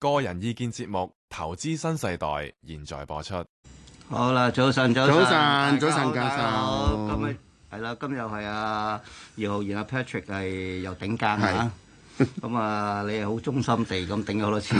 個人意見節目《投資新世代》現在播出。好啦，早晨，早晨，早晨，教授，今日係啦，今日又係阿姚浩然、阿 Patrick 係又頂更吓，咁啊，你係好忠心地咁頂咗好多次，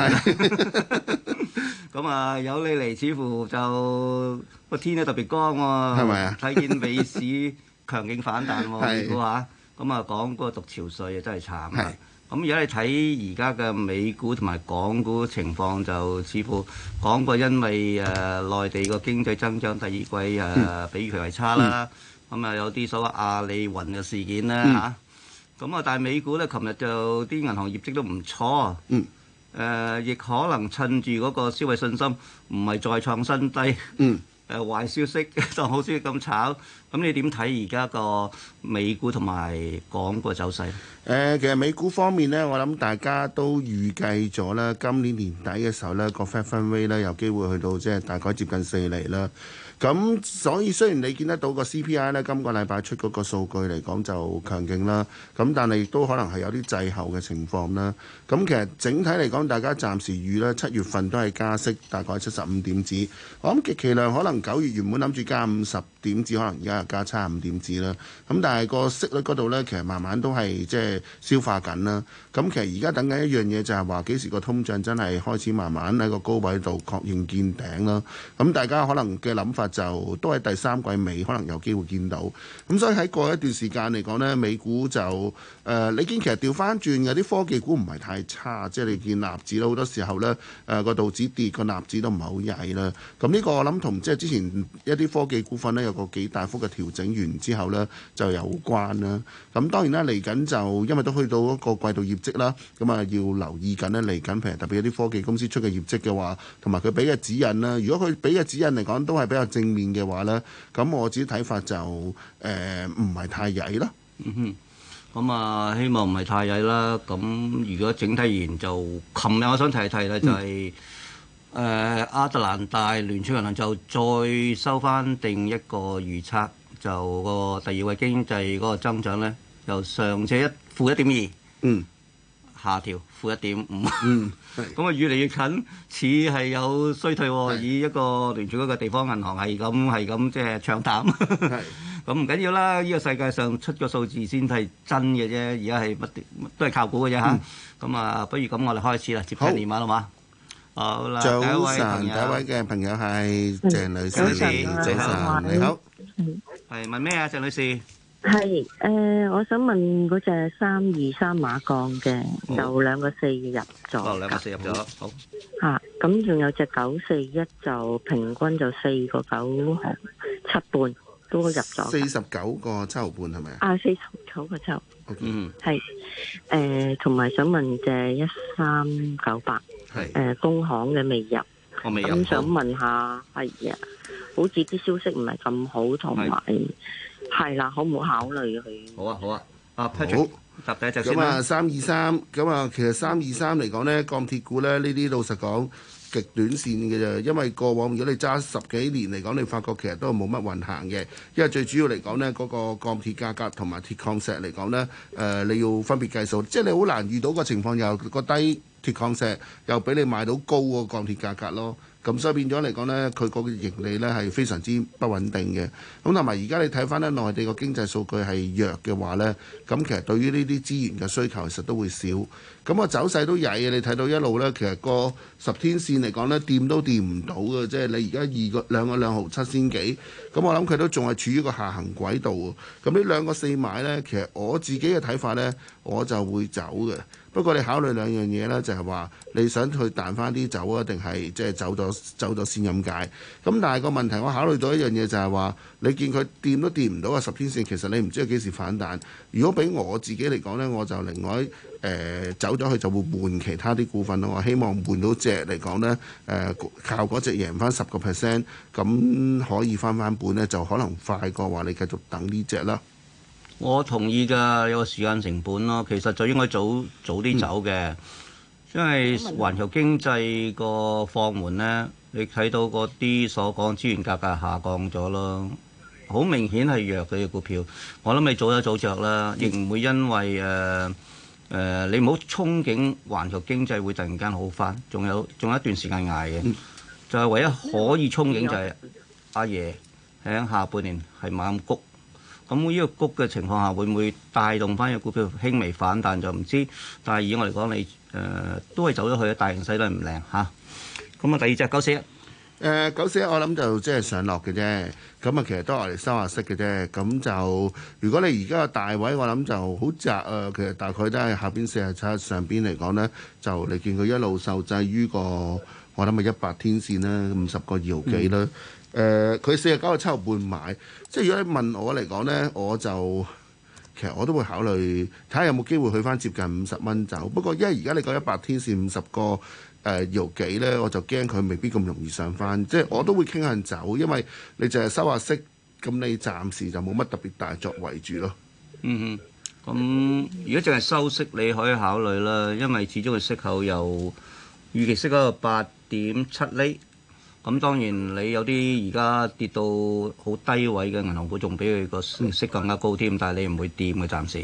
咁啊，有你嚟，似乎就個天都特別光喎，係咪啊？睇見美市強勁反彈喎，係嘛？咁啊，講嗰個獨潮稅真係慘啊！咁而家你睇而家嘅美股同埋港股情況，就似乎港股因為誒、呃、內地個經濟增長第二季誒、呃、比佢為差啦。咁、嗯、啊有啲所謂阿里雲嘅事件啦。嚇、嗯。咁啊但係美股咧，琴日就啲銀行業績都唔錯。誒、嗯呃、亦可能趁住嗰個消費信心唔係再創新低。嗯嗯誒壞消息就好似咁炒，咁你點睇而家個美股同埋港股嘅走勢？誒，其實美股方面咧，我諗大家都預計咗啦，今年年底嘅時候咧，個 Fed Fund Rate 咧有機會去到即係大概接近四厘啦。咁所以雖然你見得到個 CPI 咧，今個禮拜出嗰個數據嚟講就強勁啦，咁但係亦都可能係有啲滯後嘅情況啦。咁其實整體嚟講，大家暫時預呢，七月份都係加息，大概七十五點子。我諗極其量可能九月原本諗住加五十。點子可能而家係加差五點子啦，咁但係個息率嗰度咧，其實慢慢都係即係消化緊啦。咁其實而家等緊一樣嘢就係話幾時個通脹真係開始慢慢喺個高位度確認見頂啦。咁大家可能嘅諗法就都係第三季尾可能有機會見到。咁所以喺過一段時間嚟講咧，美股就誒，你見其實調翻轉嘅啲科技股唔係太差，即係你見納指咧好多時候咧，誒個道指跌個納指都唔係好曳啦。咁呢個我諗同即係之前一啲科技股份咧。個幾大幅嘅調整完之後呢，就有關啦。咁當然啦，嚟緊就因為都去到一個季度業績啦，咁啊，要留意緊呢，嚟緊譬如特別有啲科技公司出嘅業績嘅話，同埋佢俾嘅指引啦。如果佢俾嘅指引嚟講都係比較正面嘅話呢，咁我自己睇法就誒唔係太曳啦。咁啊、嗯、希望唔係太曳啦。咁如果整體而言，就琴日我想提一提咧、就係，就係、嗯。誒亞特蘭大聯儲銀行就再收翻定一個預測，就個第二位經濟嗰個增長咧，由上漲一負一點二，嗯，下調負一點五，嗯，咁啊、 嗯嗯、越嚟越近，似係有衰退喎、哦。嗯、以一個聯儲嗰個地方銀行係咁係咁即係唱淡，咁唔緊要啦。呢個世界上出個數字先係真嘅啫，而家係乜都係靠估嘅啫嚇。咁啊、嗯嗯，不如咁我哋開始啦，接聽電話好嘛？好。好啦，早晨，第一位嘅朋友係鄭女士，早晨，你好，係問咩啊？鄭女士係誒，我想問嗰隻三二三馬鋼嘅，就兩個四入咗，哦，兩個四入咗，好吓，咁仲有隻九四一就平均就四個九七半都入咗，四十九個七毫半係咪啊？啊，四十九個七毫半，嗯，係誒，同埋想問隻一三九八。誒工是、呃、行嘅未入，我未入。咁、嗯、想問下，係是啊，好似啲消息唔係咁好，同埋係啦，可唔可考慮佢？好啊好啊，啊好，答第一隻先啦，咁啊三二三，咁啊其實三二三嚟講咧，鋼鐵股咧呢啲老實講。極短線嘅啫，因為過往如果你揸十幾年嚟講，你發覺其實都係冇乜運行嘅。因為最主要嚟講呢，嗰、那個鋼鐵價格同埋鐵礦石嚟講呢，誒、呃、你要分別計數，即係你好難遇到個情況，又個低鐵礦石又俾你賣到高個鋼鐵價格咯。咁所以變咗嚟講咧，佢個盈利咧係非常之不穩定嘅。咁同埋而家你睇翻咧內地個經濟數據係弱嘅話咧，咁其實對於呢啲資源嘅需求其實都會少。咁啊走勢都曳嘅，你睇到一路咧，其實個十天線嚟講咧掂都掂唔到嘅，即係你而家二個兩個兩毫七千幾，咁我諗佢都仲係處於個下行軌道。咁呢兩個四買咧，其實我自己嘅睇法咧。我就會走嘅，不過你考慮兩樣嘢啦，就係、是、話你想去彈翻啲走啊，定係即係走咗走咗先咁解？咁但係個問題，我考慮到一樣嘢就係話，你見佢掂都掂唔到啊十天線，其實你唔知佢幾時反彈。如果俾我自己嚟講呢，我就另外誒、呃、走咗佢就會換其他啲股份咯。我希望換到隻嚟講呢，誒、呃、靠嗰隻贏翻十個 percent，咁可以翻翻本呢，就可能快過話你繼續等呢隻啦。我同意噶，有個時間成本咯，其實就應該早早啲走嘅，嗯、因為環球經濟個放緩咧，你睇到嗰啲所講資源價格下降咗咯，好明顯係弱嘅股票。我諗你早一早就着啦，亦唔會因為誒誒、呃呃，你唔好憧憬環球經濟會突然間好翻，仲有仲有一段時間捱嘅。嗯、就係唯一可以憧憬就係、是、阿、嗯啊、爺喺下半年係猛咁谷。咁呢個谷嘅情況下，會唔會帶動翻個股票輕微反彈就唔知。但係以我嚟講，你誒、呃、都係走咗去型啊，大形勢都係唔靚嚇。咁啊，第二隻九四一。誒、呃、九四一，我諗就即係上落嘅啫。咁啊，其實都係嚟收下息嘅啫。咁就如果你而家嘅大位，我諗就好窄啊。其實大概都係下邊四廿七，上邊嚟講咧，就你見佢一路受制於個我諗咪一百天線啦，五十個二毫幾啦。嗯誒，佢四十九個七毫半買，即係如果你問我嚟講呢，我就其實我都會考慮睇下有冇機會去翻接近五十蚊走。不過因為而家你講一百天線五十個誒搖幾呢，我就驚佢未必咁容易上翻。即係我都會傾向走，因為你淨係收下息，咁你暫時就冇乜特別大作為住咯。嗯哼，咁、嗯、如果淨係收息，你可以考慮啦，因為始終佢息口有預期息口八點七厘。咁當然你有啲而家跌到好低位嘅銀行股，仲俾佢個息更加高添，但係你唔會掂嘅暫時。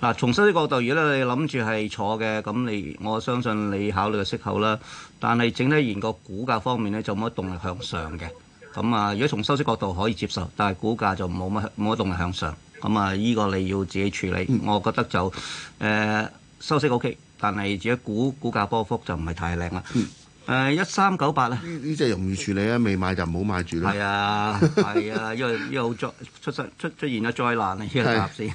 嗱、嗯，從收息角度，如果你諗住係坐嘅，咁你我相信你考慮嘅息口啦。但係整體研個股價方面咧，就冇乜動力向上嘅。咁啊，如果從收息角度可以接受，但係股價就冇乜冇乜動力向上。咁啊，呢個你要自己處理。嗯、我覺得就誒、呃、收息 OK，但係自己股股價波幅就唔係太靚啦。嗯誒一三九八啦，呢呢隻容易處理啊！未買就唔好買住啦。係啊，係啊，因為又再出新出出現咗災難啊！依家啱先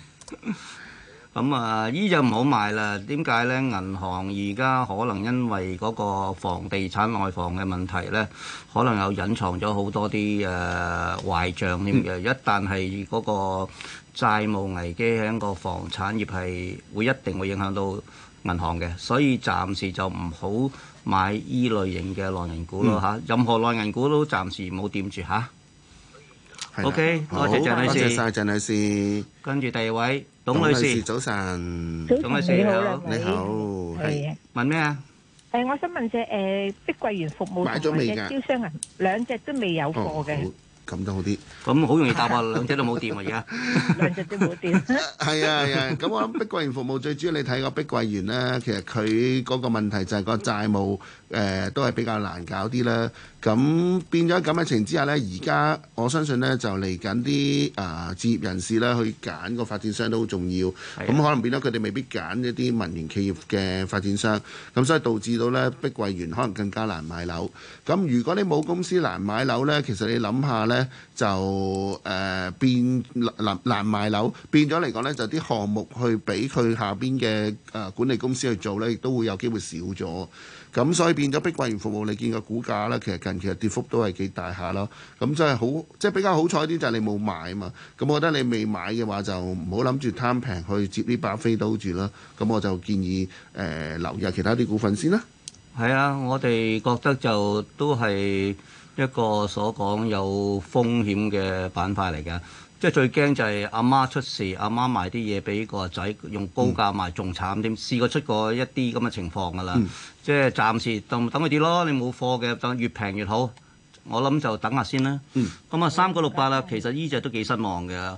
咁啊，依就唔好買啦。點解咧？銀行而家可能因為嗰個房地產內房嘅問題咧，可能又隱藏咗好多啲誒壞帳添嘅。一旦係嗰個債務危機喺個房產業係會一定會影響到銀行嘅，所以暫時就唔好。買依類型嘅內銀股咯嚇，任何內銀股都暫時冇掂住嚇。OK，多謝鄭女士。好，多謝曬鄭女士。跟住第二位董女士，早晨，董女士你好，你好。係問咩啊？誒，我想問隻誒碧桂園服務買咗未嘅，招商銀，兩隻都未有貨嘅。咁都好啲，咁好 容易打破兩隻都冇電啊！而 家 兩隻都冇電，係啊係啊。咁、啊啊、我諗碧桂園服務 最主要你睇個碧桂園咧，其實佢嗰個問題就係個債務。誒、呃、都係比較難搞啲啦，咁變咗咁嘅情況之下呢，而家我相信呢，就嚟緊啲啊，置業人士呢去揀個發展商都好重要，咁的可能變咗佢哋未必揀一啲民營企業嘅發展商，咁所以導致到呢碧桂園可能更加難買樓。咁如果你冇公司難買樓呢，其實你諗下呢，就誒、呃、變難難難買樓，變咗嚟講呢，就啲項目去俾佢下邊嘅啊管理公司去做呢，亦都會有機會少咗。咁所以變咗，碧桂園服務你見個股價咧，其實近期嘅跌幅都係幾大下咯。咁真係好，即係比較好彩啲就係你冇買啊嘛。咁我覺得你未買嘅話，就唔好諗住貪平去接呢把飛刀住啦。咁我就建議誒、呃、留意下其他啲股份先啦。係啊，我哋覺得就都係一個所講有風險嘅板塊嚟㗎。即係最驚就係阿媽出事，阿媽賣啲嘢俾個仔用高價賣，仲慘添。試過出過一啲咁嘅情況㗎啦，嗯、即係暫時等等佢跌咯。你冇貨嘅，等越平越好。我諗就等下先啦。咁、嗯、啊，三個六八啊，其實依隻都幾失望嘅。係啊，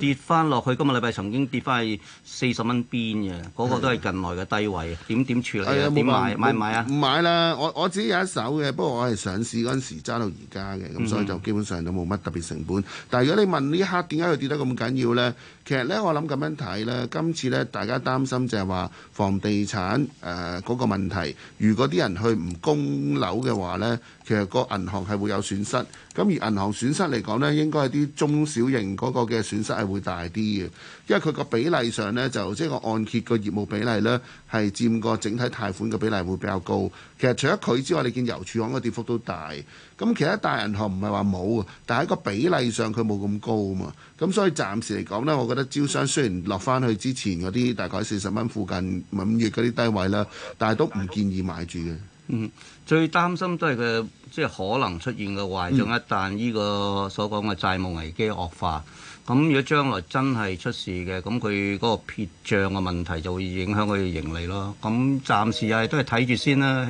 跌翻落去，今個禮拜曾經跌翻去四十蚊邊嘅，嗰、那個都係近來嘅低位。點點處理？點買買唔買啊？唔買啦、哎呀啊，我我自己有一手嘅，不過我係上市嗰陣時揸到而家嘅，咁所以就基本上都冇乜特別成本。但係如果你問呢一刻點解佢跌得咁緊要咧？其實咧，我諗咁樣睇咧，今次咧大家擔心就係話房地產誒嗰、呃那個問題，如果啲人去唔供樓嘅話咧，其實個銀行係會有損失，咁而銀行損失嚟講咧，應該係啲中小型嗰個嘅損失係會大啲嘅，因為佢個比例上咧就即係個按揭個業務比例咧係佔個整體貸款嘅比例會比較高。其實除咗佢之外，你見郵儲行嗰個跌幅都大，咁其實大銀行唔係話冇啊，但係個比例上佢冇咁高啊嘛。咁所以暫時嚟講咧，我覺得招商雖然落翻去之前嗰啲大概四十蚊附近、五月嗰啲低位啦，但係都唔建議買住嘅。嗯，最擔心都係佢。即係可能出現個壞賬，一旦呢個所講嘅債務危機惡化，咁如果將來真係出事嘅，咁佢嗰個撇賬嘅問題就會影響佢盈利咯。咁暫時係都係睇住先啦。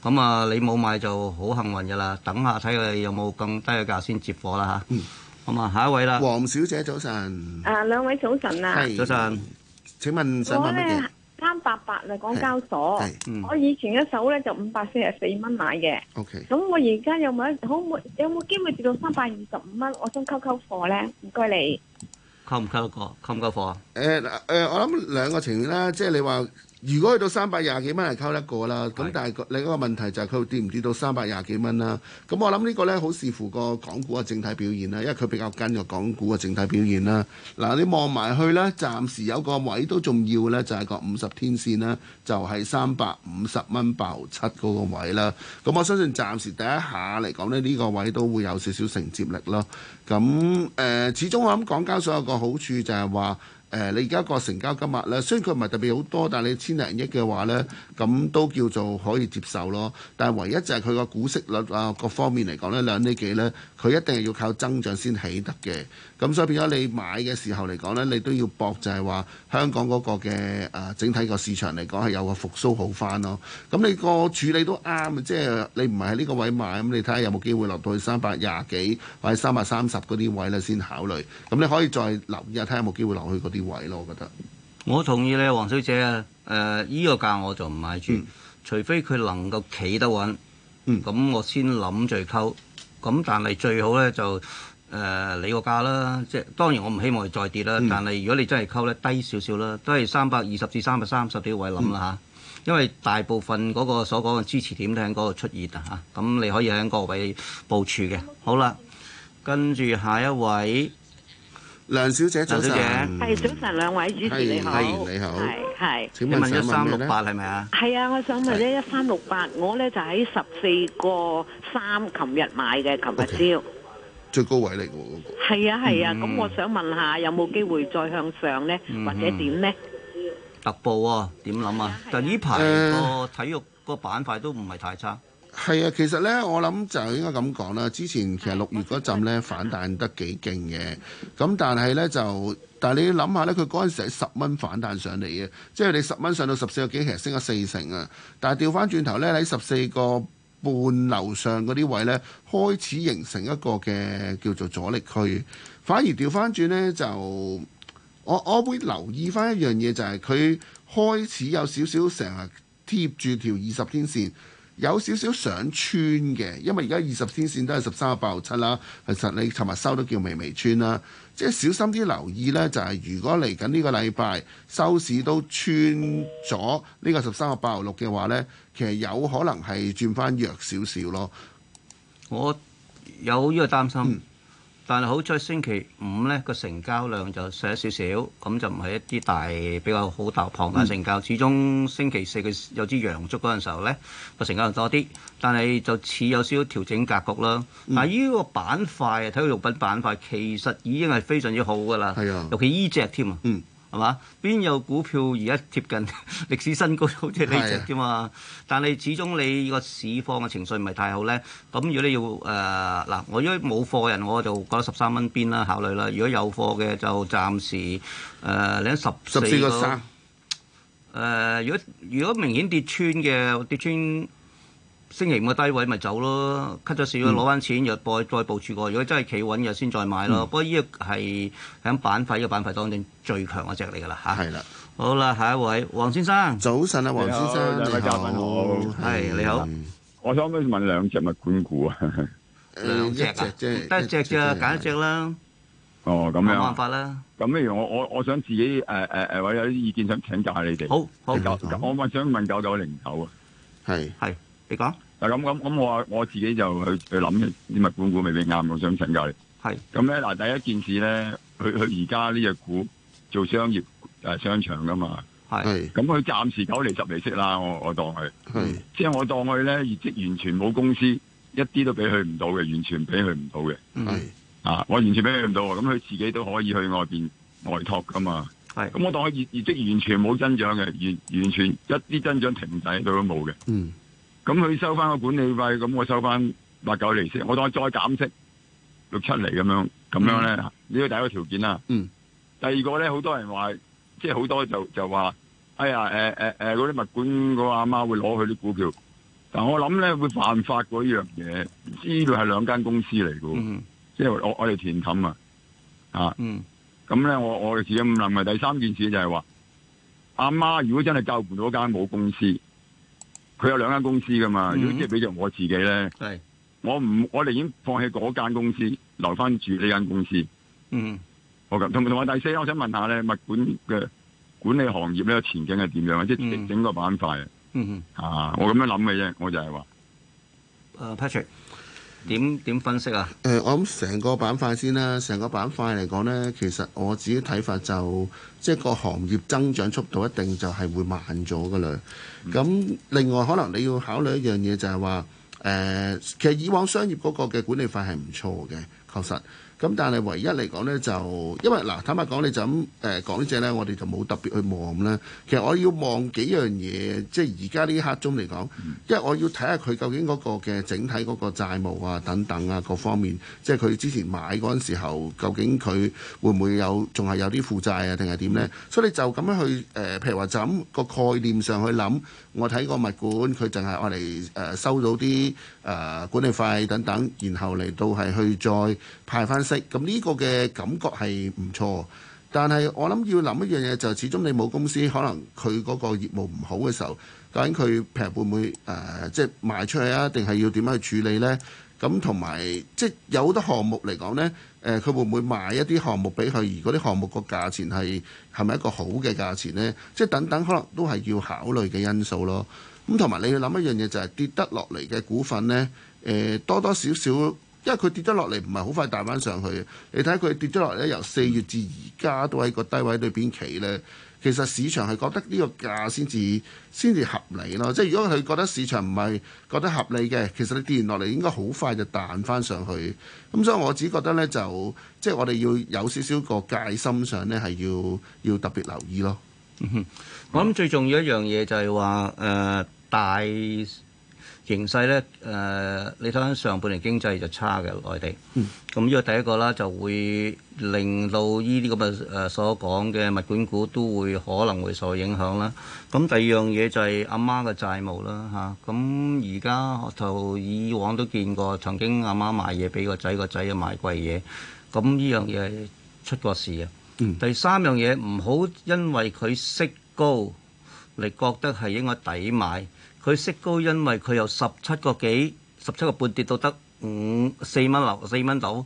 咁啊，你冇買就好幸運嘅啦。等下睇佢有冇更低嘅價先接貨啦嚇。咁啊，下一位啦。黃小姐，早晨。啊，兩位早晨啊。早晨。請問想問乜嘢？三百八啊，港交所，是是嗯、我以前一手咧就五百四十四蚊買嘅。O K，咁我而家有冇一好冇有冇機會跌到三百二十五蚊？我想溝溝貨咧，唔該你。溝唔溝得過？溝唔溝貨啊？誒，誒，我諗兩個情況啦，即係你話。如果去到三百廿幾蚊係溝得過啦，咁的但係另一個問題就係佢跌唔跌到三百廿幾蚊啦？咁我諗呢個呢，好視乎個港股嘅整體表現啦，因為佢比較跟個港股嘅整體表現啦。嗱，你望埋去呢，暫時有個位都重要呢，就係個五十天線咧，就係三百五十蚊八毫七嗰個位啦。咁我相信暫時第一下嚟講呢，呢、呢個位都會有少少承接力咯。咁誒、呃，始終我諗港交所有個好處就係話。誒、呃，你而家個成交金額咧，雖然佢唔係特別好多，但係你千零億嘅話咧，咁都叫做可以接受咯。但係唯一就係佢個股息率啊，各方面嚟講咧，兩厘幾咧，佢一定係要靠增長先起得嘅。咁所以變咗你買嘅時候嚟講呢，你都要搏就係話香港嗰個嘅誒、呃、整體個市場嚟講係有個復甦好翻咯。咁你個處理都啱，即係你唔係喺呢個位買，咁、嗯、你睇下有冇機會落到去三百廿幾或者三百三十嗰啲位呢？先考慮。咁你可以再留意下睇下有冇機會落去嗰啲位咯。我覺得我同意你黃小姐啊，誒、呃、依、這個價我就唔買住，嗯、除非佢能夠企得穩，咁、嗯、我先諗住溝。咁但係最好呢就。誒、呃，你個價啦，即係當然我唔希望佢再跌啦。嗯、但係如果你真係溝咧，低少少啦，都係三百二十至三百三十啲位諗啦嚇。30, 嗯、因為大部分嗰個所講嘅支持點都喺嗰個出現嚇，咁、啊、你可以喺嗰個位部署嘅。嗯、好啦，跟住下一位梁小姐，早晨，早晨，兩位主持你好，你好，係，請問一三六八係咪啊？係啊，我想問一一三六八，我咧就喺十四個三，琴日買嘅，琴日朝。Okay. 最高位嚟㗎喎，係啊係啊，咁我想問下有冇機會再向上呢，或者點呢？特步喎，點諗啊？但係呢排個體育個板塊都唔係太差。係啊，其實呢，我諗就應該咁講啦。之前其實六月嗰陣呢反彈得幾勁嘅，咁但係呢就，但係你要諗下呢，佢嗰陣時喺十蚊反彈上嚟嘅，即係你十蚊上到十四個幾，其實升咗四成啊。但係掉返轉頭呢喺十四個。半樓上嗰啲位呢，開始形成一個嘅叫做阻力區，反而調翻轉呢，就，我我會留意翻一樣嘢，就係佢開始有少少成日貼住條二十天線，有少少上穿嘅，因為而家二十天線都係十三個八毫七啦，其實你尋日收都叫微微穿啦。即係小心啲留意呢，就係、是、如果嚟緊呢個禮拜收市都穿咗呢個十三個八毫六嘅話呢，其實有可能係轉翻弱少少咯。我有呢個擔心。嗯但係好彩星期五呢個成交量就細一少少，咁就唔係一啲大比較好大突破嘅成交。嗯、始終星期四嘅有支陽燭嗰陣時候呢個成交量多啲，但係就似有少少調整格局啦。嗯、但係呢個板塊啊，體育用品板塊其實已經係非常之好㗎啦，啊、尤其呢隻添啊。嗯嗯係嘛？邊有股票而家貼近歷史新高，好似呢隻啫嘛？的但係始終你個市況嘅情緒唔係太好咧。咁如果你要誒嗱、呃，我因為冇貨人，我就覺得十三蚊邊啦，考慮啦。如果有貨嘅就暫時誒你十四個三。誒十四個三、呃，如果如果明顯跌穿嘅跌穿。星期五嘅低位咪走咯，cut 咗少攞翻錢，又再再部署過。如果真係企穩嘅先再買咯。不過呢個係喺板塊呢個板塊當中最強嗰隻嚟㗎啦吓，係啦，好啦，下一位黃先生，早晨啊黃先生，你好，你好，你好。我想問兩隻物管股啊，兩隻啊，得一隻啫，揀一隻啦。哦，咁樣冇辦法啦。咁例如我我我想自己誒誒誒，我有啲意見想請教下你哋。好好，我問想問九九零九啊，係係，你講。嗱咁咁咁，我我自己就去去諗啲物管股，未必啱，我想請教你。係咁咧，嗱，第一件事咧，佢佢而家呢隻股做商業誒商場噶嘛？係。咁佢暫時九厘十厘息啦，我我當佢。係。即係我當佢咧業績完全冇公司，一啲都俾佢唔到嘅，完全俾佢唔到嘅。嗯。啊，我完全俾佢唔到，咁佢自己都可以去外邊外拓噶嘛。係。咁我當佢業業績完全冇增長嘅，完完全一啲增長停滯度都冇嘅。嗯。咁佢收翻個管理費，咁我收翻八九厘先。我當再減息六七厘咁樣，咁樣咧呢個、mm. 第一個條件啦。嗯。Mm. 第二個咧，好多人話，即係好多就就話，哎呀，誒誒誒，嗰、呃、啲、呃呃、物管個阿媽會攞佢啲股票。但我諗咧，會犯法嗰樣嘢，知道係兩間公司嚟噶。Mm. 即係我我哋填冚啊。啊 mm. 嗯。咁咧，我我自己唔諗嘅第三件事就係話，阿媽如果真係救唔到間冇公司。佢有兩間公司噶嘛？Mm hmm. 如果即係畀住我自己咧是，我唔寧願放棄嗰間公司，留翻住呢間公司。嗯、mm，好嘅。同埋同埋第四，我想問下咧，物管嘅管理行業呢個前景係點樣？即係、mm hmm. 整個板塊啊。嗯嗯、mm。Hmm. 啊，我咁樣諗嘅啫，我就係話。誒、uh,，Patrick。點點分析啊？誒、呃，我諗成個板塊先啦。成個板塊嚟講呢，其實我自己睇法就，即係個行業增長速度一定就係會慢咗㗎喇。咁另外可能你要考慮一樣嘢就係話，誒、呃，其實以往商業嗰個嘅管理費係唔錯嘅，確實。咁但係唯一嚟講呢，就因為嗱，坦白講，你就咁誒講呢隻呢，我哋就冇特別去望呢。其實我要望幾樣嘢，即係而家呢刻鐘嚟講，因為我要睇下佢究竟嗰個嘅整體嗰個債務啊、等等啊各方面，即係佢之前買嗰陣時候，究竟佢會唔會有仲係有啲負債啊，定係點呢？所以你就咁樣去誒，譬如話就咁個概念上去諗，我睇個物管佢淨係用嚟誒收到啲誒管理費等等，然後嚟到係去再。派翻息，咁呢、這個嘅感覺係唔錯，但係我諗要諗一樣嘢，就係始終你冇公司，可能佢嗰個業務唔好嘅時候，究竟佢平日會唔會誒、呃，即係賣出去啊？定係要點樣去處理呢？咁同埋即係有好多項目嚟講呢，誒、呃、佢會唔會賣一啲項目俾佢？而嗰啲項目個價錢係係咪一個好嘅價錢呢？即係等等，可能都係要考慮嘅因素咯。咁同埋你要諗一樣嘢、就是，就係跌得落嚟嘅股份呢，誒、呃、多多少少。因為佢跌咗落嚟唔係好快彈翻上去，你睇佢跌咗落嚟咧，由四月至而家都喺個低位裏邊企咧。其實市場係覺得呢個價先至先至合理咯。即係如果佢覺得市場唔係覺得合理嘅，其實你跌完落嚟應該好快就彈翻上去。咁、嗯、所以我只覺得咧，就即係我哋要有少少個戒心上咧，係要要特別留意咯。嗯、哼我諗最重要一樣嘢就係話誒大。形勢咧，誒、呃，你睇翻上半年經濟就差嘅內地，咁呢、嗯、個第一個啦，就會令到呢啲咁嘅誒所講嘅物管股都會可能會受影響啦。咁第二樣嘢就係阿媽嘅債務啦，嚇、啊。咁而家我就以往都見過，曾經阿媽買嘢俾個仔，個仔又買貴嘢，咁呢樣嘢出過事啊。嗯、第三樣嘢唔好因為佢息高，你覺得係應該抵買。佢息高，因為佢由十七個幾、十七個半跌到得五四蚊流四蚊到。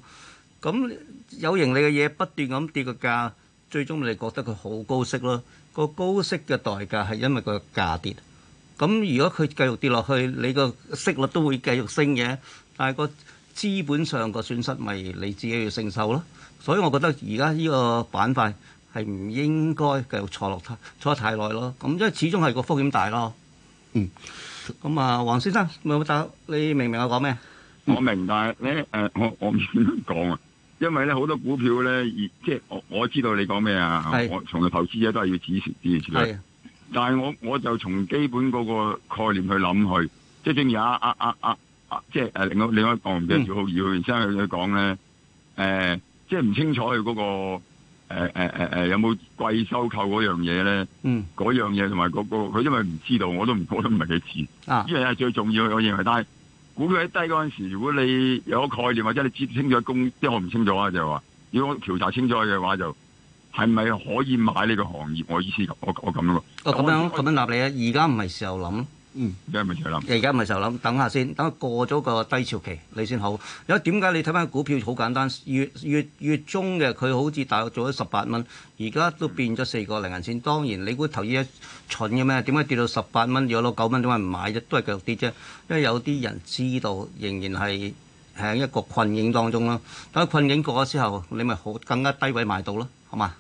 咁有盈利嘅嘢不斷咁跌個價，最終你覺得佢好高息咯。個高息嘅代價係因為個價跌。咁如果佢繼續跌落去，你個息率都會繼續升嘅。但係個資本上個損失咪你自己要承受咯。所以我覺得而家呢個板塊係唔應該繼續坐落太坐得太耐咯。咁因為始終係個風險大咯。嗯，咁啊，黃先生，冇錯，你明唔明我講咩、呃？我明，但係咧，誒，我我唔想講啊，因為咧好多股票咧，即係我我知道你講咩啊，我從來投資者都係要仔細啲嚟，係。但係我我就從基本嗰個概念去諗去，即係正如啊啊啊啊，即係誒，另外另外一個唔記得，趙浩宇先生去講咧，誒、呃，即係唔清楚佢、那、嗰個。誒誒誒誒，有冇貴收購嗰樣嘢咧？嗯，嗰樣嘢同埋嗰個，佢因為唔知道，我都唔，我都唔係幾知。啊，呢樣嘢係最重要嘅，我認為。但係估佢低嗰陣時，如果你有個概念，或者你接清楚工，即係我唔清楚啊，就係話，如果我調查清楚嘅話，就係咪可以買呢個行業？我意思我我咁樣喎。哦，咁樣咁我我樣諗你啊！而家唔係時候諗。嗯，而家咪就諗，而家咪就諗，等下先，等下過咗個低潮期，你先好。因為點解你睇翻股票好簡單？月月月中嘅佢好似大約做咗十八蚊，而家都變咗四個零銀仙。當然，你估投資蠢嘅咩？點解跌到十八蚊？如果攞九蚊點解唔買啫？都係繼續跌啫。因為有啲人知道，仍然係喺一個困境當中咯。等佢困境過咗之後，你咪好更加低位買到咯，好嘛？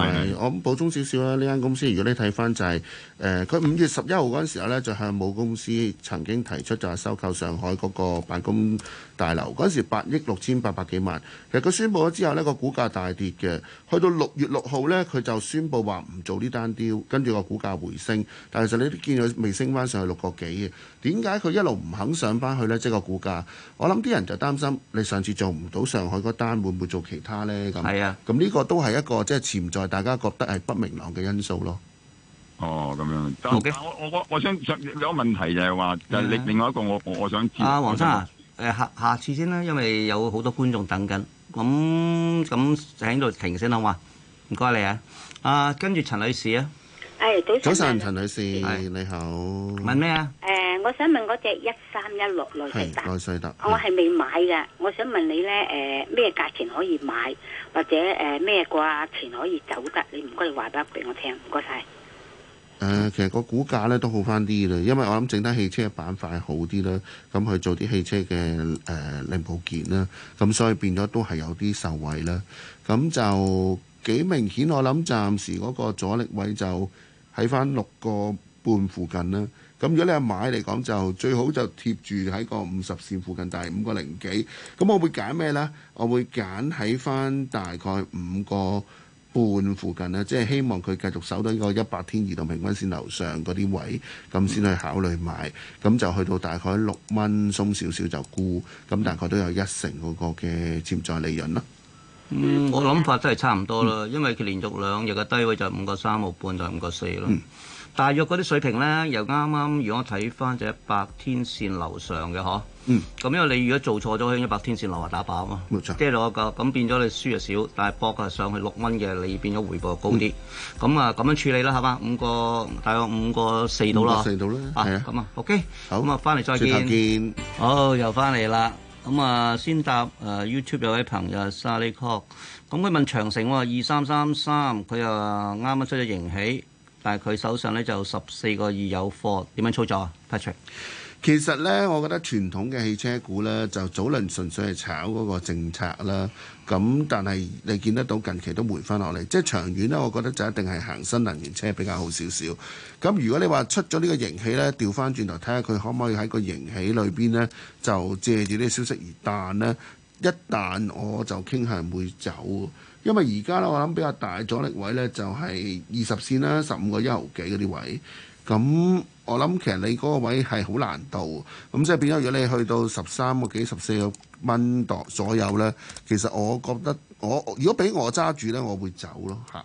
係，我咁補充少少啦。呢間公司，如果你睇翻就係，呃，佢五月十一號嗰陣時候呢，就向母公司曾經提出就係收購上海嗰個辦公大樓。嗰陣時八億六千八百幾萬。其實佢宣布咗之後呢，個股價大跌嘅。去到六月六號呢，佢就宣布話唔做呢單 deal，跟住個股價回升。但係其實你都見佢未升翻上去六個幾嘅。點解佢一路唔肯上翻去呢？即係個股價。我諗啲人就擔心，你上次做唔到上海嗰單，會唔會做其他呢？咁係啊。咁呢個都係一個即係潛在。大家覺得係不明朗嘅因素咯。哦，咁樣。我我我想想兩個問題就係話，另另外一個我我我想知。阿黃生啊，誒下下次先啦，因為有好多觀眾等緊。咁咁喺度停先好嘛？唔該你啊。阿跟住陳女士啊。誒，早早晨，陳女士你好。問咩啊？誒。我想問嗰隻一三一六耐世特，耐世特，我係未買噶我想問你咧，誒咩價錢可以買，或者誒咩價錢可以走得？你唔該你話得俾我聽，唔該晒。誒，其實個股價咧都好翻啲啦，因為我諗整體汽車板塊好啲啦，咁去做啲汽車嘅誒零部件啦，咁所以變咗都係有啲受惠啦。咁就幾明顯，我諗暫時嗰個阻力位就喺翻六個半附近啦。咁如果你買嚟講就最好就貼住喺個五十線附近，但係五個零幾。咁我會揀咩呢？我會揀喺翻大概五個半附近呢，即係希望佢繼續守到呢個一百天移動平均線樓上嗰啲位，咁先去考慮買。咁就去到大概六蚊，鬆少少就沽。咁大概都有一成嗰個嘅潛在利潤啦。嗯，我諗法真係差唔多啦，嗯，因為佢連續兩日嘅低位就五個三毫半，就五個四咯。大約嗰啲水平咧，又啱啱。如果我睇翻就一、係、百天線樓上嘅嗬。嗯。咁因為你如果做錯咗，去一百天線樓下打靶啊嘛。冇錯。即係攞個，咁變咗你輸又少，但係博啊上去六蚊嘅，你變咗回報又高啲。咁啊、嗯，咁樣處理啦，係嘛？五個大約五個四度啦。四度啦，係啊，咁啊，OK。咁啊，翻嚟、OK? 好再見。再見。好，又翻嚟啦。咁啊，先答誒、呃、YouTube 有位朋友 Sally 沙利確，咁佢問長城喎，二三三三，佢又啱啱出咗盈喜。但係佢手上咧就十四個二有貨，點樣操作啊？Patrick，其實呢，我覺得傳統嘅汽車股呢，就早輪純粹係炒嗰個政策啦。咁但係你見得到近期都回翻落嚟，即係長遠呢，我覺得就一定係行新能源車比較好少少。咁如果你話出咗呢個盈喜呢，調翻轉頭睇下佢可唔可以喺個盈喜裏邊呢，就借住啲消息而彈呢，一旦我就傾向會走。因為而家咧，我諗比較大阻力位呢，就係二十線啦，十五個一毫幾嗰啲位。咁我諗其實你嗰個位係好難到，咁即係變咗。如果你去到十三個幾、十四個蚊度左右呢，其實我覺得我如果俾我揸住呢，我會走咯嚇。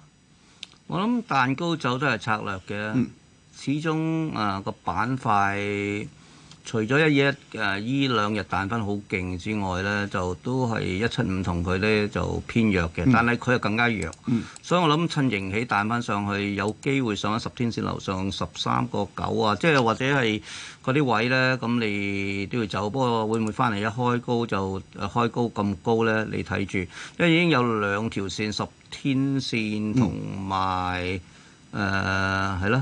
我諗蛋糕走都係策略嘅，嗯、始終誒個板塊。除咗一嘢，誒呢兩日彈翻好勁之外咧，就都係一七五同佢咧就偏弱嘅，但係佢又更加弱，嗯、所以我諗趁形起彈翻上去，有機會上咗十天線樓上十三個九啊，即係或者係嗰啲位咧，咁你都要走。不過會唔會翻嚟一開高就、啊、開高咁高咧？你睇住，因為已經有兩條線，十天線同埋誒係囉。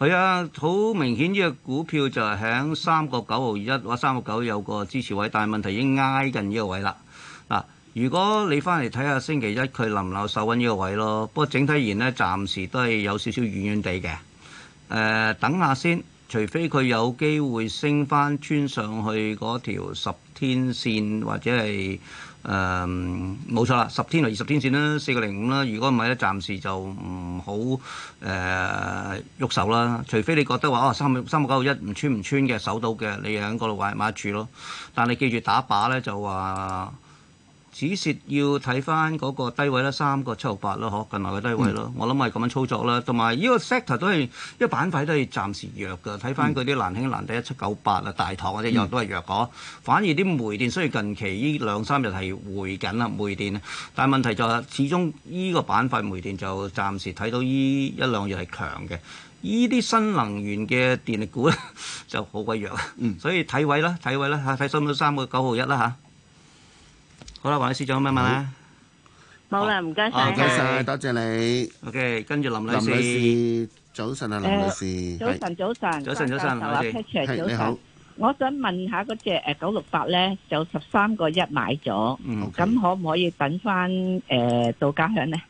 係啊，好明顯呢個股票就係喺三個九毫一，哇三個九有個支持位，但係問題已經挨近呢個位啦。嗱，如果你翻嚟睇下星期一佢能唔能守穩呢個位咯？不過整體而言呢，暫時都係有少少遠遠地嘅。誒、呃，等下先，除非佢有機會升翻穿上去嗰條十天線或者係。誒冇、嗯、錯啦，十天內二十天線啦，四個零五啦。如果唔係咧，暫時就唔好誒喐、呃、手啦。除非你覺得話哦，三百三百九十一唔穿唔穿嘅守到嘅，你喺嗰度買買住咯。但你記住打靶咧就話。止蝕要睇翻嗰個低位啦，三個七號八啦，嗬，近來嘅低位咯，嗯、我諗係咁樣操作啦。同埋呢個 sector 都係，因為板塊都係暫時弱嘅。睇翻嗰啲難兄難弟，一七九八啊，大唐嗰啲又都係弱，嗬、嗯。反而啲煤電雖然近期呢兩三日係回緊啦，煤電，但係問題就係、是、始終呢個板塊煤電就暫時睇到依一,一兩日係強嘅。依啲新能源嘅電力股咧 就好鬼弱，嗯，所以睇位啦，睇位啦，睇收到三個九號一啦，嚇。好啦，黃師長有咩問啊？冇啦，唔該晒，唔該晒，多謝你。O K，跟住林女士，林女士，早晨啊，林女士，早晨，早晨，早晨，早晨，你好。我想問下嗰隻誒九六八咧，就十三個一買咗，咁可唔可以等翻誒到家鄉咧？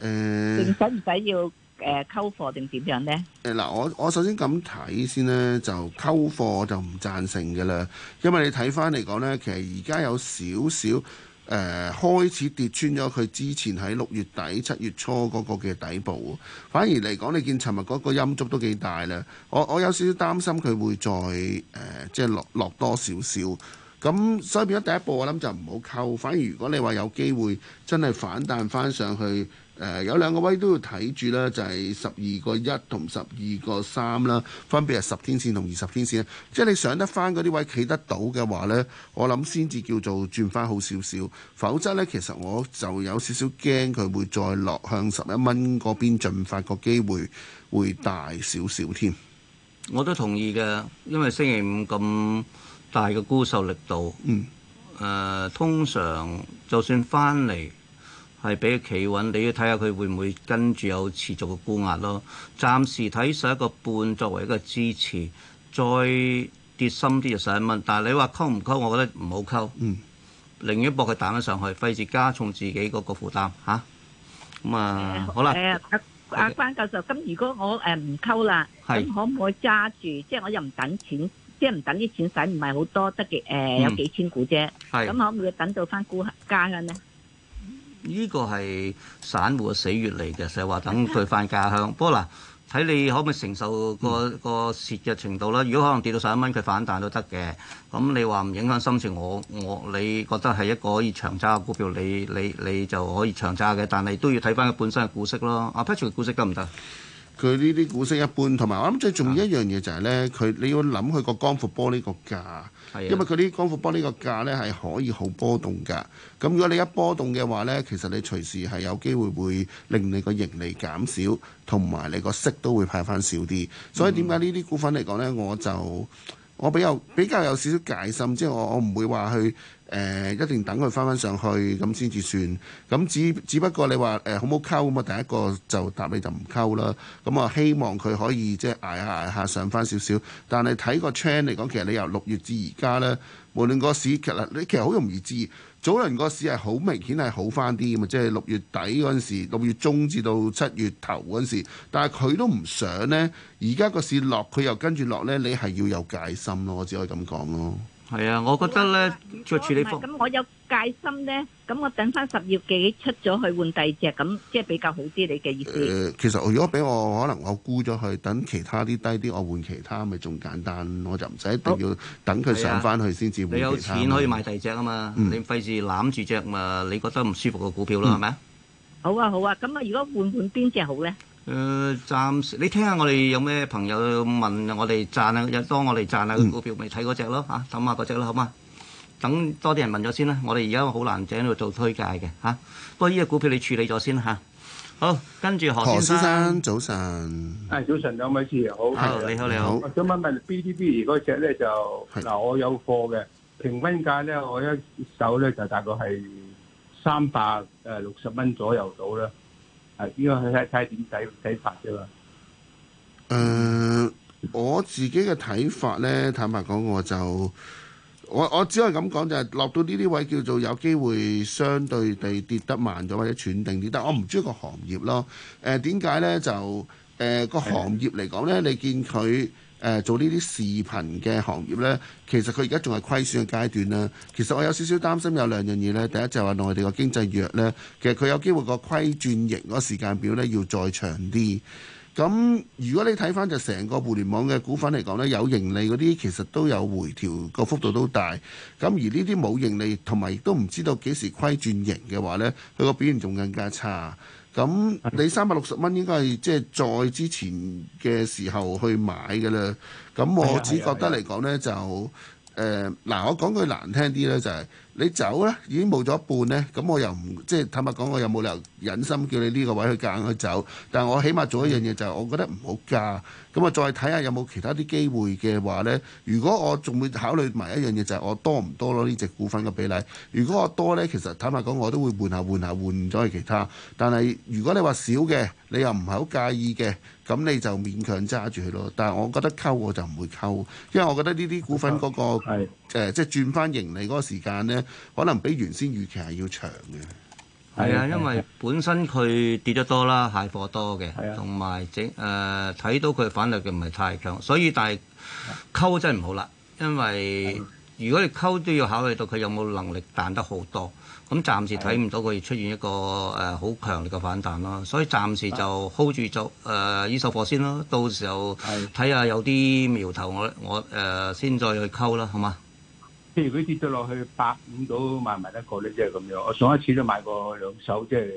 誒，使唔使要？誒溝、呃、貨定點樣呢？誒嗱，我我首先咁睇先呢，就溝貨我就唔贊成嘅啦。因為你睇翻嚟講呢，其實而家有少少誒、呃、開始跌穿咗佢之前喺六月底七月初嗰個嘅底部。反而嚟講，你見尋日嗰個陰燭都幾大咧。我我有少少擔心佢會再誒、呃、即係落落多少少。咁所以變咗第一步，我諗就唔好溝。反而如果你話有機會真係反彈翻上去。誒、呃、有兩個位都要睇住啦，就係十二個一同十二個三啦，分別係十天線同二十天線。即係你上得翻嗰啲位企得到嘅話呢，我諗先至叫做轉翻好少少，否則呢，其實我就有少少驚佢會再落向十一蚊嗰邊進發個機會會大少少添。我都同意嘅，因為星期五咁大嘅沽售力度，嗯，誒、呃、通常就算翻嚟。係俾佢企穩，你要睇下佢會唔會跟住有持續嘅沽壓咯。暫時睇十一個半作為一個支持，再跌深啲就十一蚊。但係你話溝唔溝，我覺得唔好溝。嗯，寧願搏佢彈咗上去，費事加重自己嗰個負擔嚇。咁啊，好啦。阿阿關教授，咁如果我誒唔溝啦，咁可唔可以揸住？即係我又唔等錢，即係唔等啲錢使，唔係好多，得幾誒有幾千股啫。係。咁可唔可以等到返家鄉呢？呢個係散戶嘅死穴嚟嘅，成日話等佢翻家鄉。不過嗱，睇你可唔可以承受個、嗯、個蝕嘅程度啦。如果可能跌到十一蚊，佢反彈都得嘅。咁你話唔影響心情，我我你覺得係一個可以長揸嘅股票，你你你就可以長揸嘅。但係都要睇翻佢本身嘅股息咯。阿 Patrick 嘅股息得唔得？佢呢啲股息一般，同埋我諗最重要一樣嘢就係咧，佢、嗯、你要諗佢個光伏玻璃個價。因為佢啲光伏波呢個價呢係可以好波動嘅，咁如果你一波動嘅話呢，其實你隨時係有機會會令你個盈利減少，同埋你個息都會派翻少啲。所以點解呢啲股份嚟講呢？我就我比較比較有少少戒心，即係我我唔會話去。誒、呃、一定等佢翻翻上去咁先至算，咁只只不過你話誒好唔好溝咁啊？第一個就答你就唔溝啦。咁啊，我希望佢可以即係捱下捱下上翻少少。但係睇個 c h a n 嚟講，其實你由六月至而家咧，無論個市其實你其實好容易知，早輪個市係好明顯係好翻啲咁嘛，即係六月底嗰陣時，六月中至到七月頭嗰陣時，但係佢都唔想咧。而家個市落，佢又跟住落咧，你係要有戒心咯，我只可以咁講咯。係啊，我覺得咧，作處理方咁我有戒心咧。咁我等翻十月幾出咗去換第二隻，咁即係比較好啲。你嘅意思？誒、呃，其實如果俾我，可能我沽咗佢，等其他啲低啲，我換其他咪仲簡單。我就唔使一定要好等佢上翻去先至、啊、換。你有錢可以買第二隻啊嘛？嗯、你費事攬住隻嘛？你覺得唔舒服嘅股票咯，係咪、嗯、嗎好啊，好啊。咁啊，如果換換邊隻好咧？誒，暫時你聽下我哋有咩朋友問我哋賺啊，有多我哋賺啊個股票咪睇嗰隻咯嚇，抌下嗰隻啦好嘛？等多啲人問咗先啦，我哋而家好難整喺度做推介嘅嚇。不過呢隻股票你處理咗先啦嚇。好，跟住何先生，早晨。誒，早晨，兩位師兄好。你好，你好。我想問問 BDB 二嗰隻咧就，嗱，我有貨嘅平均價咧，我一手咧就大概係三百誒六十蚊左右度啦。係呢個，佢睇睇點睇睇法啫嘛。誒，我自己嘅睇法咧，坦白講，我就我我只可以咁講，就係，就係落到呢啲位叫做有機會相對地跌得慢咗，或者喘定啲。但係我唔中意個行業咯。誒、呃，點解咧？就誒、呃個行業嚟講咧，你見佢。誒，做呢啲視頻嘅行業呢，其實佢而家仲係虧損嘅階段呢，其實我有少少擔心有兩樣嘢咧。第一就係內地個經濟弱呢，其實佢有機會個虧轉盈嗰時間表呢，要再長啲。咁如果你睇翻就成個互聯網嘅股份嚟講呢，有盈利嗰啲其實都有回調，個幅度都大。咁而呢啲冇盈利同埋都唔知道幾時虧轉盈嘅話呢，佢個表現仲更加差。咁你三百六十蚊應該係即係再之前嘅時候去買嘅啦。咁我只覺得嚟講呢，就。誒嗱、呃，我講句難聽啲咧，就係、是、你走咧已經冇咗一半咧，咁我又唔即係坦白講，我又冇理由忍心叫你呢個位去夾硬去走。但係我起碼做一樣嘢，就係我覺得唔好㗎咁啊。我再睇下有冇其他啲機會嘅話咧，如果我仲會考慮埋一樣嘢，就係、是、我多唔多攞呢隻股份嘅比例。如果我多咧，其實坦白講，我都會換下換下換咗去其他。但係如果你話少嘅，你又唔係好介意嘅，咁你就勉強揸住佢咯。但係我覺得溝我就唔會溝，因為我覺得呢啲股份嗰、嗰個、呃、即係轉翻盈利嗰個時間咧，可能比原先預期係要長嘅。係啊，因為本身佢跌得多啦，蟹貨多嘅，同埋整誒睇到佢反力嘅唔係太強，所以但係溝真係唔好啦。因為如果你溝都要考慮到佢有冇能力彈得好多。咁暫、嗯、時睇唔到佢出現一個誒好強烈嘅反彈咯，所以暫時就 hold 住就誒呢手貨先咯，到時候睇下有啲苗頭我我誒、呃、先再去溝啦，好嘛？譬如佢跌咗落去百五度買一個，買唔買得過咧？即係咁樣，我上一次都買過兩手，即係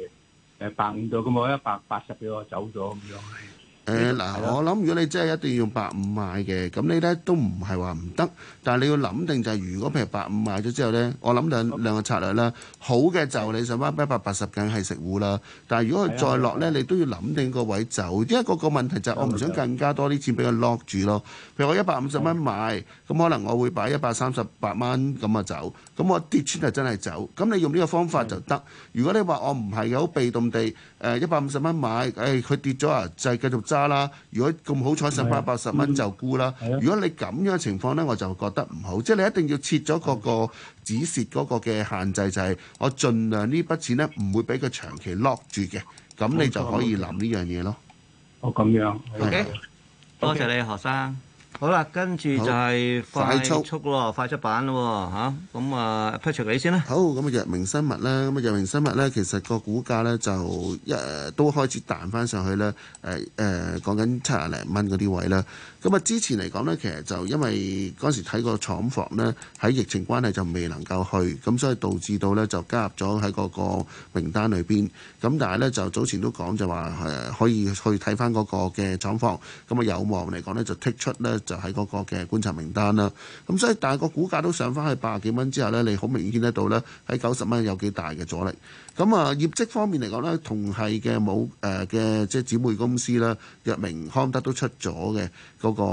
誒百五度咁，我一百八十畀我走咗咁樣。誒嗱，我諗如果你真係一定要用百五買嘅，咁你咧都唔係話唔得，但係你要諗定就係、是、如果譬如百五買咗之後呢，我諗兩、嗯、兩個策略啦。好嘅就你十蚊一百八十，梗係食糊啦。但係如果佢再落呢，嗯、你都要諗定個位走，因為個個問題就係我唔想更加多啲錢俾佢 lock 住咯。譬如我一百五十蚊買，咁、嗯、可能我會擺一百三十八蚊咁啊走，咁我跌穿就真係走。咁你用呢個方法就得。嗯、如果你話我唔係好被動地一百五十蚊買，佢、哎、跌咗啊，就係、是、繼續啦，如果咁好彩十八八十蚊就沽啦。的如果你咁樣情況呢，我就覺得唔好，的即係你一定要切咗嗰個止蝕嗰個嘅限制，就係、是、我盡量呢筆錢呢唔會俾佢長期 lock 住嘅，咁你就可以諗呢樣嘢咯。哦，咁樣，OK，, okay. 多謝你，學生。好啦，跟住就係快速速咯，快速版咯嚇。咁啊，Patrick 你先啦。好，咁、嗯、啊，日明生物啦，咁啊，日明生物咧，其實個股價咧就一都開始彈翻上去啦。誒、呃、誒，講緊七廿零蚊嗰啲位啦。咁啊，之前嚟講咧，其實就因為嗰陣時睇個廠房咧，喺疫情關係就未能夠去，咁所以導致到咧就加入咗喺嗰個名單裏邊。咁但係咧就早前都講就話誒可以去睇翻嗰個嘅廠房，咁啊有望嚟講咧就剔出咧就喺嗰個嘅觀察名單啦。咁所以但係個股價都上翻去八十幾蚊之後咧，你好明顯見得到咧喺九十蚊有幾大嘅阻力。咁啊業績方面嚟講咧，同係嘅冇誒嘅即係姊妹公司啦，藥明康德都出咗嘅。嗰個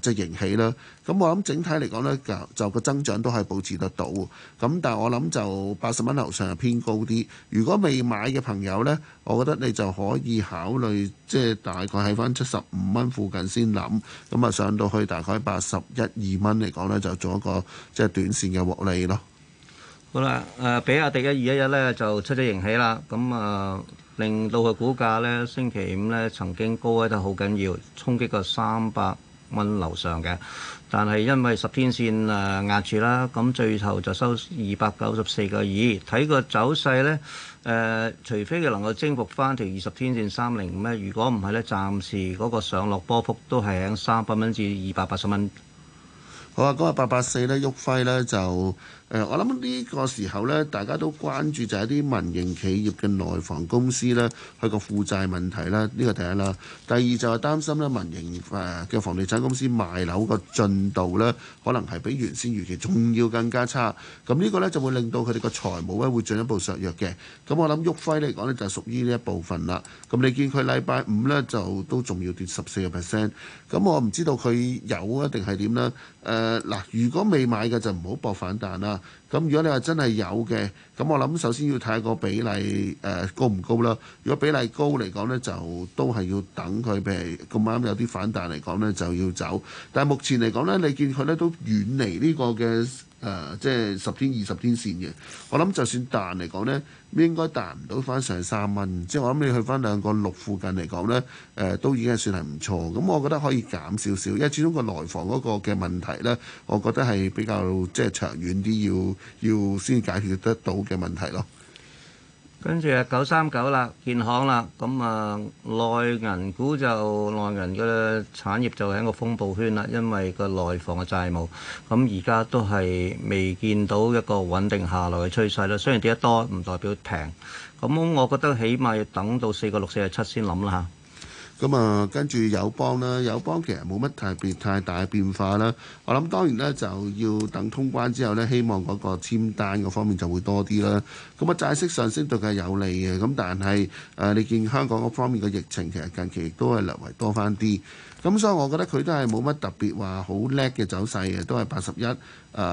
誒即係盈喜啦，咁我諗整體嚟講咧，就個增長都係保持得到。咁但係我諗就八十蚊樓上係偏高啲。如果未買嘅朋友咧，我覺得你就可以考慮即係大概喺返七十五蚊附近先諗。咁啊上到去大概八十一二蚊嚟講咧，就做一個即係短線嘅獲利咯。好啦，誒比亞迪一二一一咧就出咗盈喜啦，咁啊。令到個股價咧，星期五咧曾經高位得好緊要，衝擊過三百蚊樓上嘅。但係因為十天線誒壓住啦，咁最後就收二百九十四個二。睇個走勢咧，誒、呃，除非佢能夠征服翻條二十天線三零五咧，如果唔係咧，暫時嗰個上落波幅都係喺三百蚊至二百八十蚊。好啊，嗰、那個八八四咧，旭輝咧就。誒、呃，我諗呢個時候咧，大家都關注就係啲民營企業嘅內房公司呢，佢個負債問題啦，呢、這個第一啦。第二就係擔心呢民營誒嘅、呃、房地產公司賣樓個進度呢，可能係比原先預期仲要更加差。咁呢個呢，就會令到佢哋個財務咧會進一步削弱嘅。咁我諗旭輝嚟講呢，就係、是、屬於呢一部分啦。咁你見佢禮拜五呢，就都仲要跌十四個 percent。咁我唔知道佢有啊定係點呢？誒、呃、嗱，如果未買嘅就唔好博反彈啦。咁如果你話真係有嘅，咁我諗首先要睇下個比例誒、呃、高唔高啦。如果比例高嚟講呢，就都係要等佢，譬如咁啱有啲反彈嚟講呢，就要走。但係目前嚟講呢，你見佢呢都遠離呢個嘅。誒、呃，即係十天二十天線嘅，我諗就算彈嚟講呢，應該彈唔到翻成三蚊，即係我諗你去翻兩個六附近嚟講呢，誒、呃、都已經算係唔錯，咁我覺得可以減少少，因為始終個內房嗰個嘅問題呢，我覺得係比較即係長遠啲要要先解決得到嘅問題咯。跟住啊，九三九啦，建行啦，咁、嗯、啊內銀股就內銀嘅產業就喺個風暴圈啦，因為個內房嘅債務，咁而家都係未見到一個穩定下來嘅趨勢啦。雖然跌得多，唔代表平，咁、嗯、我覺得起碼要等到四個六、四個七先諗啦。咁啊，跟住、嗯、友邦啦，友邦其實冇乜特別太大嘅變化啦。我諗當然咧就要等通關之後咧，希望嗰個簽單嗰方面就會多啲啦。咁啊，債息上升對佢係有利嘅。咁但係，誒、呃、你見香港嗰方面嘅疫情，其實近期亦都係略為多翻啲。咁所以，我覺得佢都係冇乜特別話好叻嘅走勢嘅，都係八十一誒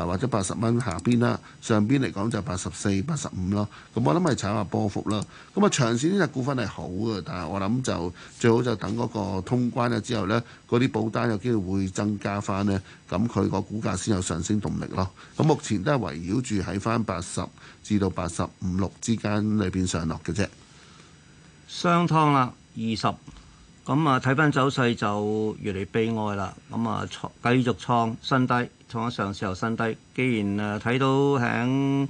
或者八十蚊下邊啦。上邊嚟講就八十四、八十五咯。咁我諗咪炒下波幅咯。咁啊，長線呢隻股份係好嘅，但係我諗就最好就等嗰個通關咗之後呢，嗰啲保單有機會會增加翻呢。咁佢個股價先有上升動力咯。咁目前都係圍繞住喺翻八十。至到八十五六之間裏邊上落嘅啫。雙湯啦二十。咁啊，睇翻走勢就越嚟悲哀啦，咁啊創繼續創新低，創咗上市後新低。既然啊睇、呃、到喺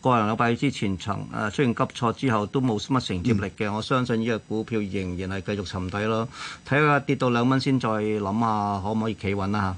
過兩個禮拜之前層啊、呃、出現急挫之後都冇乜承接力嘅，嗯、我相信呢個股票仍然係繼續沉底咯。睇下跌到兩蚊先再諗下可唔可以企穩啦。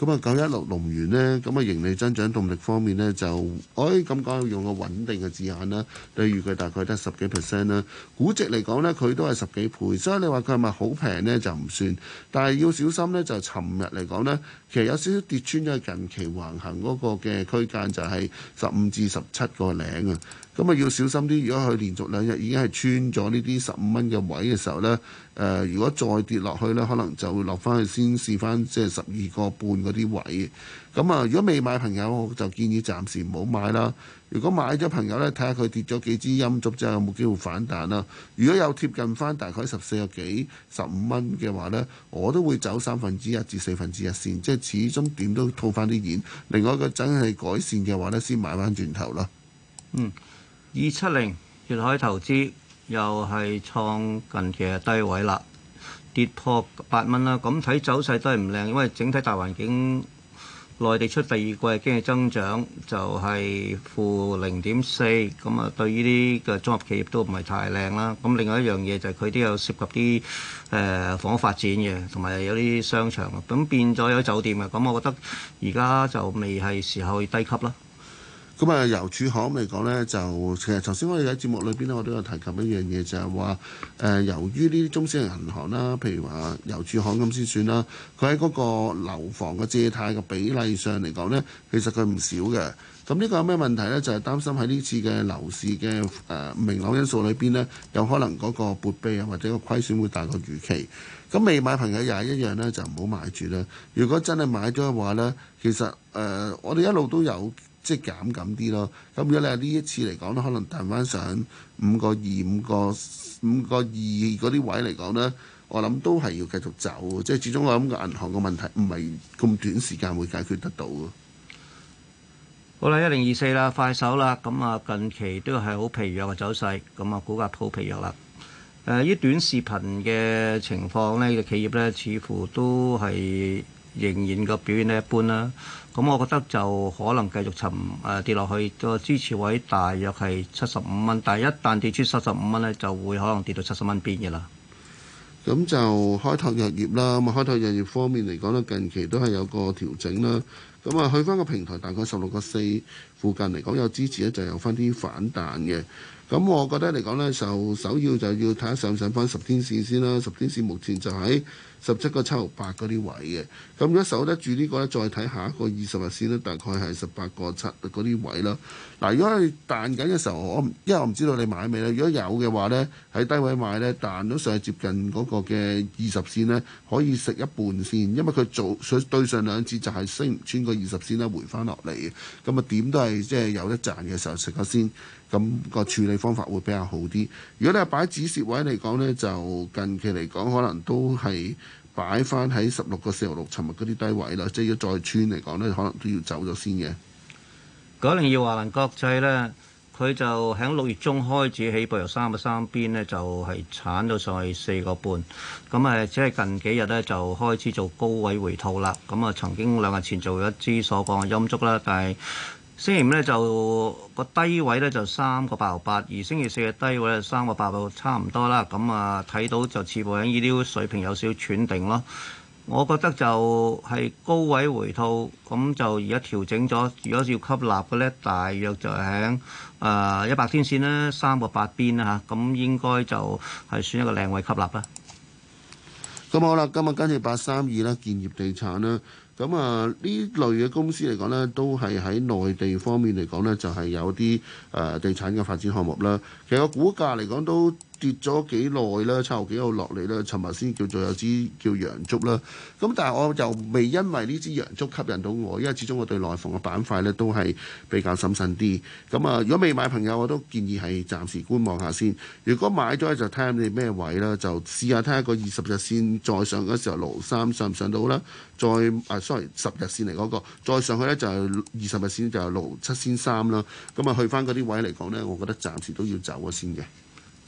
咁啊，九一六龍源咧，咁啊盈利增長動力方面咧就可以，哎咁講用個穩定嘅字眼啦，對於佢大概得十幾 percent 啦，估值嚟講咧佢都係十幾倍，所以你話佢係咪好平咧就唔算。但係要小心咧就是，尋日嚟講咧，其實有少少跌穿咗近期橫行嗰個嘅區間，就係十五至十七個零啊。咁啊，要小心啲。如果佢連續兩日已經係穿咗呢啲十五蚊嘅位嘅時候呢，誒、呃，如果再跌落去呢，可能就會落翻去先試翻即係十二個半嗰啲位。咁、嗯、啊，如果未買朋友，我就建議暫時唔好買啦。如果買咗朋友呢，睇下佢跌咗幾支陰燭之後有冇機會反彈啦？如果有貼近翻大概十四個幾十五蚊嘅話呢，我都會走三分之一至四分之一先，即係始終點都套翻啲錢。另外一個真係改善嘅話呢，先買翻轉頭啦。嗯。二七零粵海投資又係創近期嘅低位啦，跌破八蚊啦。咁睇走勢都係唔靚，因為整體大環境內地出第二季經濟增長就係負零點四，咁啊對於呢啲嘅綜合企業都唔係太靚啦。咁另外一樣嘢就係佢都有涉及啲誒、呃、房屋發展嘅，同埋有啲商場啊。咁變咗有酒店啊。咁我覺得而家就未係時候去低級啦。咁啊，郵儲行嚟講咧，就其實頭先我哋喺節目裏邊咧，我都有提及一樣嘢，就係話誒，由於呢啲中小型銀行啦，譬如話郵儲行咁先算啦，佢喺嗰個樓房嘅借貸嘅比例上嚟講咧，其實佢唔少嘅。咁呢個有咩問題咧？就係、是、擔心喺呢次嘅樓市嘅誒、呃、明朗因素裏邊咧，有可能嗰個撥備啊或者個虧損會大過預期。咁未買朋友又係一樣咧，就唔好買住啦。如果真係買咗嘅話咧，其實誒、呃，我哋一路都有。即係減緊啲咯，咁如果你咧呢一次嚟講咧，可能彈翻上五個二、五個五個二嗰啲位嚟講呢，我諗都係要繼續走，即係始終我諗個銀行嘅問題唔係咁短時間會解決得到嘅。好啦，一零二四啦，快手啦，咁啊近期都係好疲弱嘅走勢，咁啊股價好疲弱啦。誒，呢啲短視頻嘅情況咧，企業呢，似乎都係。仍然個表現咧一般啦，咁我覺得就可能繼續沉誒、呃、跌落去個支持位，大約係七十五蚊。但係一旦跌出七十五蚊呢，就會可能跌到七十蚊邊嘅啦。咁就開拓藥業啦，咁啊開拓藥業方面嚟講呢，近期都係有個調整啦。咁啊去翻個平台大概十六個四附近嚟講有支持咧，就有翻啲反彈嘅。咁我覺得嚟講呢，就首要就要睇下上唔上翻十天線先啦。十天線目前就喺，十七個七毫八嗰啲位嘅，咁如果守得住呢個咧，再睇下一個二十日線咧，大概係十八個七嗰啲位啦。嗱，如果係彈緊嘅時候，我因為我唔知道你買未咧。如果有嘅話咧，喺低位買咧，彈到上去接近嗰個嘅二十線咧，可以食一半先，因為佢做所對上兩次就係升唔穿個二十線咧，回翻落嚟嘅。咁啊點都係即係有得賺嘅時候食下先，咁個處理方法會比較好啲。如果你係擺止蝕位嚟講咧，就近期嚟講可能都係。擺翻喺十六個四號六，尋日嗰啲低位啦，即係要再穿嚟講咧，可能都要走咗先嘅。九零二華能國際咧，佢就喺六月中開始起步，由三個三邊呢就係剷咗，上去四個半，咁啊，即係近幾日咧就開始做高位回吐啦。咁啊，曾經兩日前做咗一支所講嘅陰燭啦，但係。星期五咧就個低位咧就三個八六八，而星期四嘅低位就三個八六，差唔多啦。咁啊，睇到就似乎喺呢啲水平有少少斷定咯。我覺得就係高位回吐，咁就而家調整咗，如果要吸納嘅咧，大約就喺誒一百天線咧，三個八邊啦嚇，咁應該就係算一個靚位吸納啦。咁好啦，今日跟住八三二啦，建業地產啦。咁啊，呢類嘅公司嚟講咧，都係喺內地方面嚟講咧，就係有啲誒地產嘅發展項目啦。其實個股價嚟講都，跌咗幾耐啦，差後幾號落嚟啦。尋日先叫做有支叫洋竹啦。咁但係我又未因為呢支洋竹吸引到我，因為始終我對內房嘅板塊呢都係比較審慎啲。咁啊，如果未買朋友，我都建議係暫時觀望下先。如果買咗咧，就睇下你咩位啦，就試下睇下個二十日線再上嘅時候，六三上唔上到啦？再啊，sorry，十日線嚟嗰個再上去呢就係二十日線就係六七千三啦。咁啊，3，去翻嗰啲位嚟講呢，我覺得暫時都要走咗先嘅。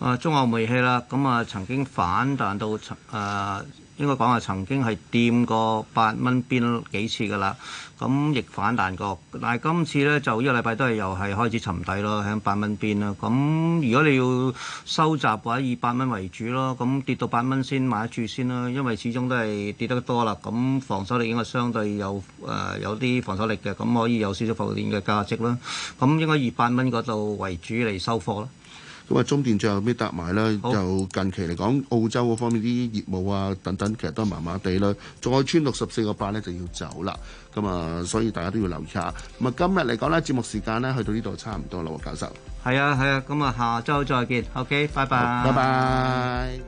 啊，中華煤氣啦，咁、嗯、啊曾經反彈到，啊、呃、應該講話曾經係掂過八蚊邊幾次噶啦，咁、嗯、亦反彈過，但係今次咧就呢個禮拜都係又係開始沉底咯，喺八蚊邊啦。咁、嗯、如果你要收集嘅話，以八蚊為主咯。咁、嗯、跌到八蚊先買得住先啦，因為始終都係跌得多啦。咁、嗯、防守力應該相對有，誒、呃、有啲防守力嘅，咁、嗯、可以有少少浮點嘅價值啦。咁、嗯、應該以八蚊嗰度為主嚟收貨咯。咁啊，中電最後尾搭埋咧，好就近期嚟講，澳洲嗰方面啲業務啊等等，其實都麻麻地啦。再穿六十四個八咧，就要走啦。咁啊，所以大家都要留意下。咁啊，今日嚟講咧，節目時間咧，去到呢度差唔多啦，喎教授。係啊，係啊，咁啊，下周再見。OK，拜拜。拜拜。Bye bye。